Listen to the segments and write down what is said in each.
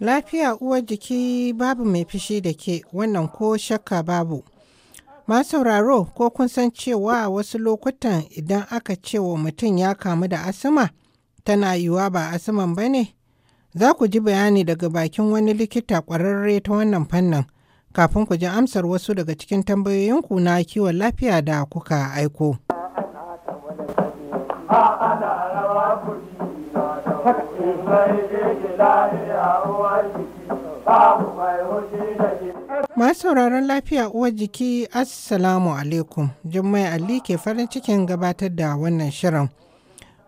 Lafiya uwar jiki babu mai fishi da ke wannan ko shakka babu. Ma sauraro ko kun san cewa wasu lokutan idan aka cewa mutum ya kamu da asma tana yiwuwa ba asiman ba ne? Za ku ji bayani daga bakin wani likita ƙwararre ta wannan fannin kafin ku ji amsar wasu daga cikin tambayoyinku na kiwon lafiya da kuka aiko. Masu sauraron lafiya uwar jiki Assalamu alaikum Jummai Ali ke farin cikin gabatar da wannan shirin.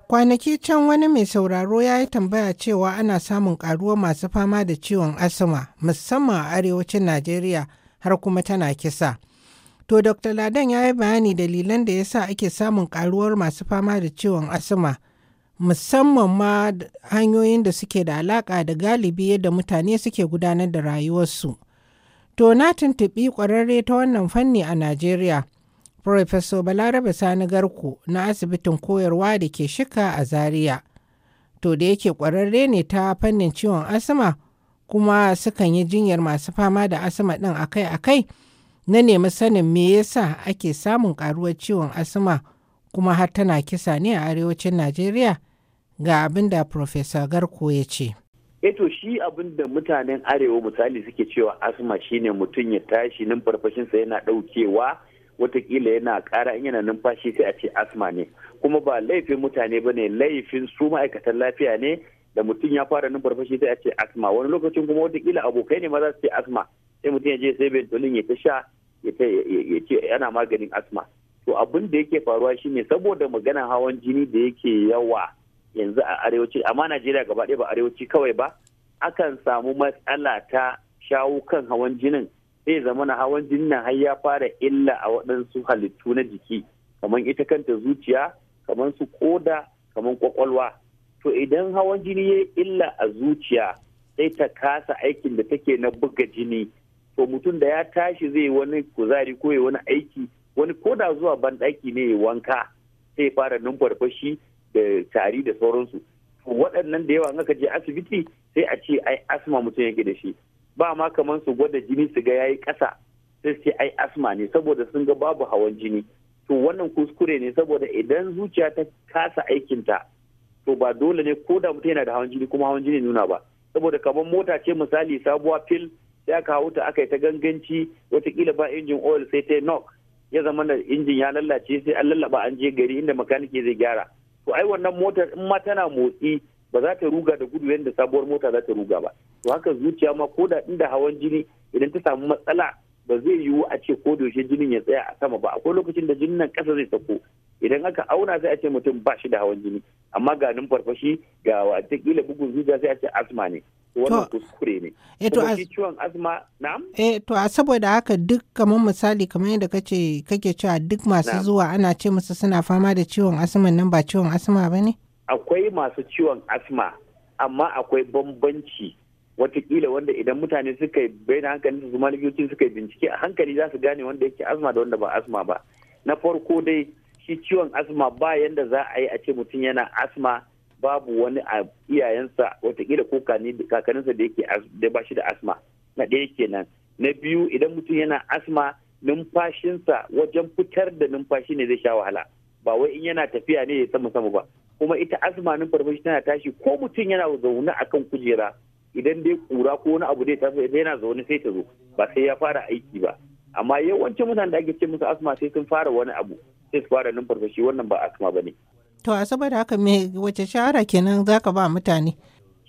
Kwanaki can wani mai sauraro ya yi tambaya cewa ana samun karuwa masu fama da ciwon asma musamman a arewacin Najeriya har kuma tana kisa. To Dr. Ladan ya yi bayani dalilan da ya sa ake samun karuwar masu fama da ciwon asma musamman ma hanyoyin da suke da alaƙa da galibi yadda mutane suke gudanar da rayuwarsu. To na tuntuɓi ƙwararre ta wannan fanni a Najeriya, Professor Balarabe Sani Garko na asibitin koyarwa da ke shika a Zaria. To da yake ƙwararre ne ta fannin ciwon asma kuma sukan yi jinyar masu fama da asma ɗin akai-akai. na nemi sanin me yasa ake samun karuwar ciwon asma kuma har tana kisa ne a arewacin najeriya ga abin da professor Garko ya ce. Eto eh shi abin da mutanen arewa misali suke cewa asma shine mutum ya tashi numfarfashinsa yana ɗaukewa watakila yana kara in yana numfashi sai a ce asma ne kuma ba laifin mutane ba ne laifin su ma'aikatan lafiya ne da mutum ya fara numfarfashi sai a ce asma wani lokacin kuma watakila abokai ne ma za su ce asma sai mutum ya je sai bentolin ya ta sha ya ce yana maganin asma to abin da yake faruwa shine saboda maganan hawan jini da yake yawa yanzu a arewaci amma najeriya gaba ɗaya ba arewaci kawai ba akan samu matsala ta shawo kan hawan jinin sai zama na hawan jinin na har ya fara illa a waɗansu halittu na jiki kamar ita kanta zuciya kamar su koda kamar kwakwalwa to idan hawan jini ya illa a zuciya sai ta kasa aikin da take na buga jini to mutum da ya tashi zai wani kuzari ko wani aiki wani ko da zuwa banɗaki ne ya wanka sai fara numfarfashi da tari da sauransu waɗannan da yawa in aka je asibiti sai a ce ai asma mutum yake da shi ba ma kamar su gwada jini su ga yayi ƙasa sai sai ai asma ne saboda sun ga babu hawan jini to wannan kuskure ne saboda idan zuciya ta kasa aikinta to ba dole ne ko da mutum yana da hawan jini kuma hawan jini nuna ba saboda kamar mota ce misali sabuwa fil sai aka hau ta aka yi ta ganganci watakila ba injin oil sai ta knock ya zama da injin ya lallace sai an lallaba an je gari inda makaniki zai gyara to ai wannan motar in ma tana motsi ba za ta ruga da gudu yadda sabuwar mota za ta ruga ba to haka zuciya ma ko da inda hawan jini idan ta samu matsala ba zai yiwu a ce ko yaushe jinin ya tsaya a sama ba akwai lokacin da jinin nan ƙasa zai sako idan aka auna sai a ce mutum ba shi da hawan jini amma ga numfarfashi ga watakila bugun zuciya sai a ce asma ne wannan kuskure ne eh, ciwon azma na'am eh, to a saboda haka duk kamar misali kamar yadda kace kake cewa duk masu zuwa ana ce musu suna fama da ciwon asma nan ba ciwon asma bane akwai masu ciwon asma amma akwai bambanci watakila wanda idan mutane suka yi bayan hankali su zuma likitocin suka yi bincike a hankali za su gane wanda yake asma da wanda ba asma ba na farko dai shi ciwon asma ba yanda za a yi a ce mutum yana asma babu wani a iyayensa watakila ko kakaninsa da yake da ba shi da asma na ɗaya kenan na biyu idan mutum yana asma numfashinsa wajen fitar da numfashi ne zai sha wahala ba wai in yana tafiya ne ya sama sama ba kuma ita asma numfashi tana tashi ko mutum yana zaune a kan kujera idan dai kura ko wani abu zai idan yana zaune sai ta zo ba sai ya fara aiki ba amma yawancin mutanen da ake ce musu asma sai sun fara wani abu sai su fara numfarfashi wannan ba asma ba ne To a saboda haka me wace shawara kenan ka ba mutane?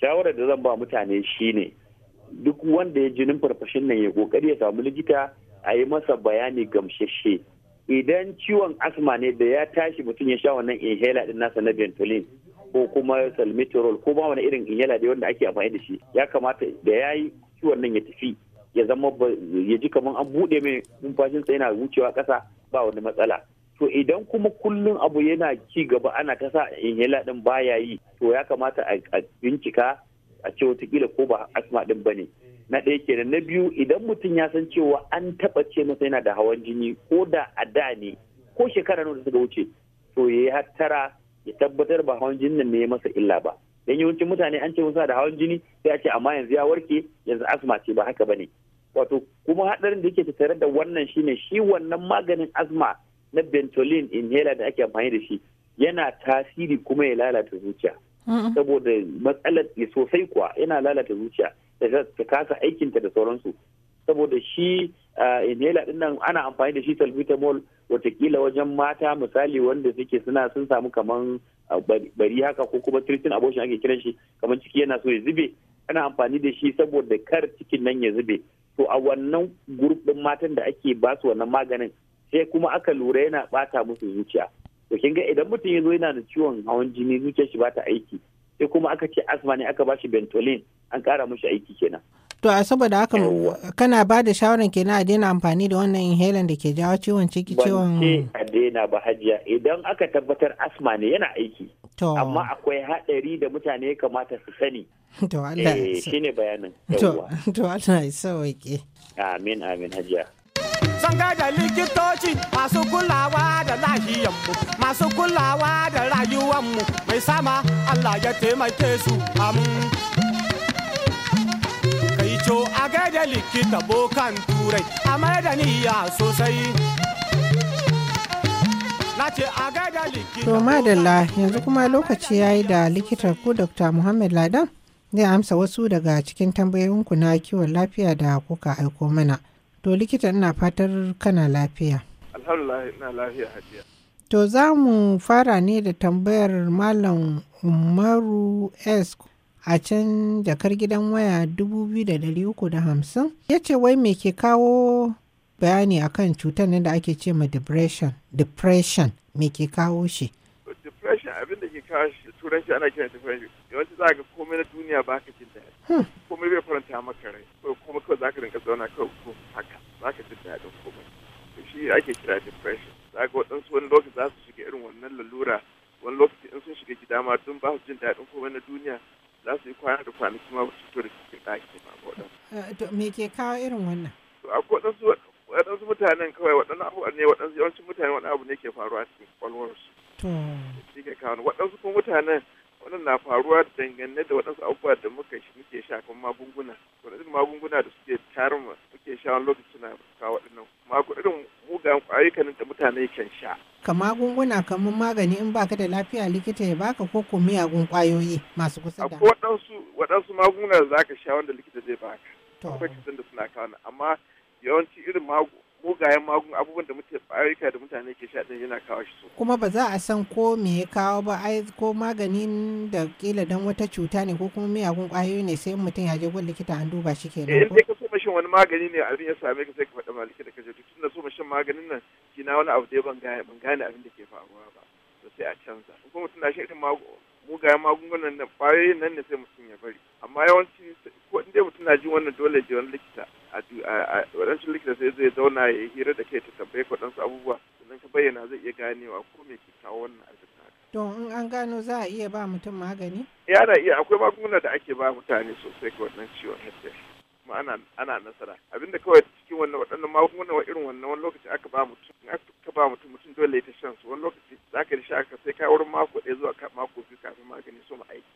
Shawarar da zan ba mutane shine duk wanda ya jinin farfashin nan ya kokari ya samu likita a yi masa bayani gamsheshe. Idan ciwon asma ne da ya tashi mutum ya sha wannan inhaler din nasa na bentolin ko kuma salmeterol ko ba wani irin inhaler dai wanda ake amfani da shi ya kamata da ya yi ciwon nan ya tafi ya zama ya ji kamar an buɗe mai numfashinsa yana wucewa ƙasa ba wani matsala. to idan kuma kullum abu yana ci gaba ana ta sa inhaler din baya yi to ya kamata a bincika a ce watakila ko ba asma din ba ne na ɗaya kenan na biyu idan mutum ya san cewa an taɓa ce masa yana da hawan jini ko da a da ne ko shekara nawa da suka wuce to ya yi hattara ya tabbatar ba hawan jinin nan ne ya masa illa ba dan yawancin mutane an ce musa da hawan jini sai a ce amma yanzu ya warke yanzu asma ce ba haka bane wato kuma hadarin da yake tattare da wannan shine shi wannan maganin asma na bentolin inhaler da ake amfani da shi yana tasiri kuma ya lalata zuciya saboda matsalar sosai kuwa yana lalata zuciya ta kasa aikinta da sauransu saboda shi inhaler din nan ana amfani da shi salbutamol watakila wajen mata misali wanda suke suna sun samu kaman bari haka ko kuma a abortion ake kiran shi kaman ciki yana so ya zube ana amfani da shi saboda kar cikin nan ya zube to a wannan gurbin matan da ake basu wannan maganin sai kuma aka lura yana bata musu zuciya to kin ga idan mutum ya zo yana da ciwon hawan jini zuciyar shi bata aiki sai kuma aka ce asma ne aka bashi bentolin an kara mushi aiki kenan to a saboda haka kana ba da shawaran kenan a daina amfani da wannan inhaler da ke jawo ciwon ciki ciwon ban a daina ba hajiya idan aka tabbatar asma ne yana aiki amma akwai haɗari da mutane ya kamata su sani to Allah eh, shine bayanin to Allah ya sauke amin amin hajiya sanga da likitoci masu kulawa da lahiyanmu masu kulawa da rayuwanmu mai sama Allah ya taimake su am kai co a gaida likita bokan turai a mai da niyya sosai To madalla yanzu kuma lokaci ya yi da likitar ku Dr. Muhammad Ladan zai amsa wasu daga cikin tambayoyinku na kiwon lafiya da kuka aiko mana. To likita ina fatar kana lafiya. Alhamdulillah ina lafiya hajiya. To za mu fara ne da tambayar Malam Umaru S. a can jakar gidan waya 2350 ya ce wai me ke kawo bayani akan cutar ne da ake ce ma depression depression me ke kawo shi depression abin da ke kawo shi turanci ana kiran depression yawanci za ga me ke kawo irin wannan akwai waɗansu mutanen kawai waɗannan abu ne waɗansu yawancin mutane waɗannan abu ne ke faruwa a cikin kwalwarsu to shi ke kawo waɗansu kuma mutanen wannan na faruwa dangane da waɗansu abubuwa da muka shi muke sha kuma magunguna waɗansu magunguna da suke tarin suke sha wani lokaci suna kawo waɗannan magungunan mugayen ƙwayukan da mutane kan sha. ka magunguna kamar magani in baka da lafiya likita ya baka ko ko miyagun ƙwayoyi masu kusa da. akwai waɗansu waɗansu magunguna da za ka sha wanda likita zai baka. akwai cutar da suna kawo amma yawanci irin mugayen magun abubuwan da mutum ayyuka da mutane ke sha din yana kawo shi so. Kuma ba za a san ko me ya kawo ba ai ko maganin da kila dan wata cuta ne ko kuma miyagun kwayoyi ne sai mutum ya je gun likita an duba shi kenan. Eh in ka so mashin wani magani ne abin ya same ka sai ka faɗa ma likita ka je tun da so mashin maganin nan shi na wani abu da ban gane ban gane abin da ke faruwa ba. To sai a canza. Kuma mutum na shi irin mugayen magungunan nan kwayoyin nan ne sai mutum ya bari amma yawanci ko inda mutum na jin wannan dole ji wani likita a likita sai zai zauna ya hira da kai ta tambaye ka waɗansu abubuwa sannan ka bayyana zai iya ganewa ko me ke kawo wannan arzikin to in an gano za a iya ba mutum magani? ya eh, na iya akwai magunguna da ake ba mutane sosai ga wannan ciwon hepatitis. kuma ana ana nasara abinda kawai cikin wannan waɗannan magungunan irin wannan wani lokaci aka ba mutum in aka ba mutum mutum dole ya ta shan su wani lokaci za ka sha ka sai ka wurin mako ɗaya zuwa mako biyu kafin magani so mu aiki.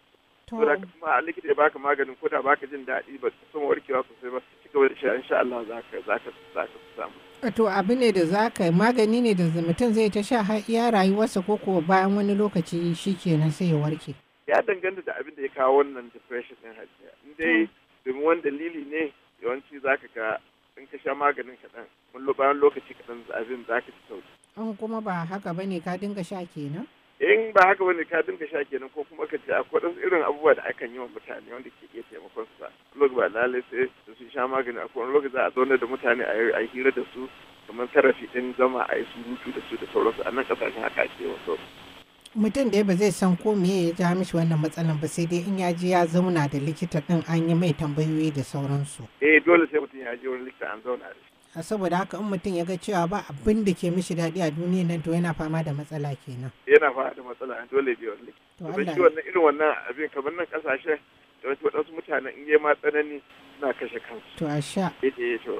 To da kuma likita ya baka maganin ko da baka jin daɗi ba so mu warkewa sosai ba ci gaba da sha insha Allah za ka za ka za ka samu. To abu ne da za ka magani ne da mutum zai ta sha har iya rayuwarsa ko ko bayan wani lokaci shi kenan sai ya warke. Ya danganta da abin da ya kawo wannan depression ɗin hajiya. In dai domin wani dalili ne yawanci za ka ga in ka sha maganin kaɗan wani bayan lokaci kaɗan abin za ka ci sauki. in kuma ba haka ba ne ka dinga sha kenan? in ba haka ba ne ka dinga sha kenan ko kuma ka ci akwai ɗansu irin abubuwa da akan yi wa mutane wanda ke iya taimakon su ba lokaci ba lalai sai da su sha magani akwai wani lokaci za a zauna da mutane a yi hira da su kamar sarrafi ɗin zama a yi surutu da su da sauransu a nan ƙasashen haka ake sauransu. mutum da ba zai san ko me ya ja mishi wannan matsalan ba sai dai in ya ji ya zauna da likita din an yi mai tambayoyi da sauransu eh dole sai mutum ya ji wani likita an zauna da shi saboda haka in mutum ya ga cewa ba abin da ke mishi daɗi a duniya nan to yana fama da matsala kenan yana fama da matsala dole wani likita to Allah irin wannan abin kamar nan kasashe da wasu waɗansu mutanen in yi ma tsanani suna kashe kansu to a sha eh, to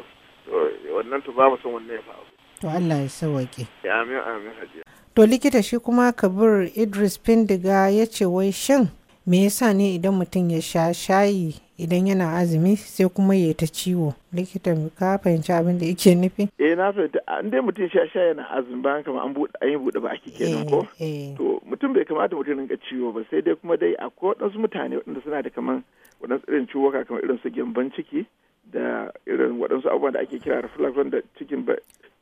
wannan to ba mu son wannan ya faru To Allah ya sawaƙe. Amin amin hajiya. To likita shi kuma Kabir Idris Findiga ya ce wai shan me yasa ne idan mutum ya sha shayi idan yana azumi sai kuma ya ta ciwo likita ka fahimci abin da yake nufi eh na fahimta an ah, dai mutum sha sha yana azumi bayan kama an buɗe an yi buɗe ake kenan ko eh, eh. to mutum bai kamata mutum rinka ciwo ba sai dai kuma dai akwai waɗansu mutane waɗanda suna da kamar waɗansu irin ciwoka kamar irin su gyamban ciki da irin waɗansu abubuwan da ake kira reflux wanda cikin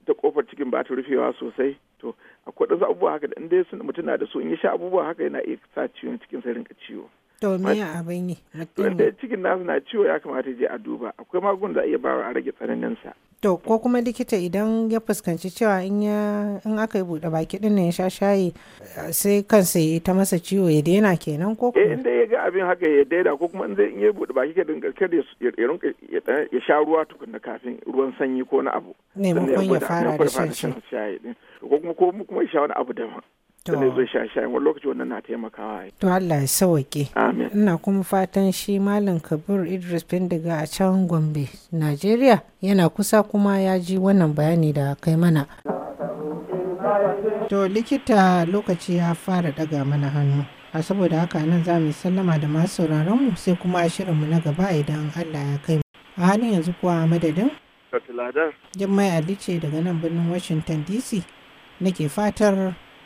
ta kofar cikin ba ta rufewa sosai to akwai ɗansu abubuwa haka da inda sun mutum na da su in ya sha abubuwa haka yana iya sa ciwon cikin sa rinka ciwo. To me ya abin yi? Wanda cikin nasu na ciwo ya kamata je a duba akwai magun da a iya bawa a rage tsananin sa. to ko kuma likita idan ya fuskanci cewa in ya in aka yi buɗe baki din ya sha shayi sai kansa ya ta masa ciwo ya daina kenan ko eh, kuma inda ya ga abin haka ya daina ko kuma in zai in ya buɗe baki kadin da ya rinka ya sha ruwa da kafin ruwan sanyi ko na abu ne mun ya fara da shan shayi ko kuma ko kuma ya sha wani abu daban sannan zo shashayen wani lokaci wannan na taimakawa to Allah ya sawake amin ina kuma fatan shi malam kabir idris bindiga a can gombe najeriya yana kusa kuma ya ji wannan bayani da kai mana to likita lokaci ya fara daga mana hannu a saboda haka nan za mu sallama da masu sauraron mu sai kuma a shirinmu na gaba idan Allah ya kai mu. a halin yanzu kuwa a madadin Jimmai Ali ce daga nan birnin Washington DC nake fatar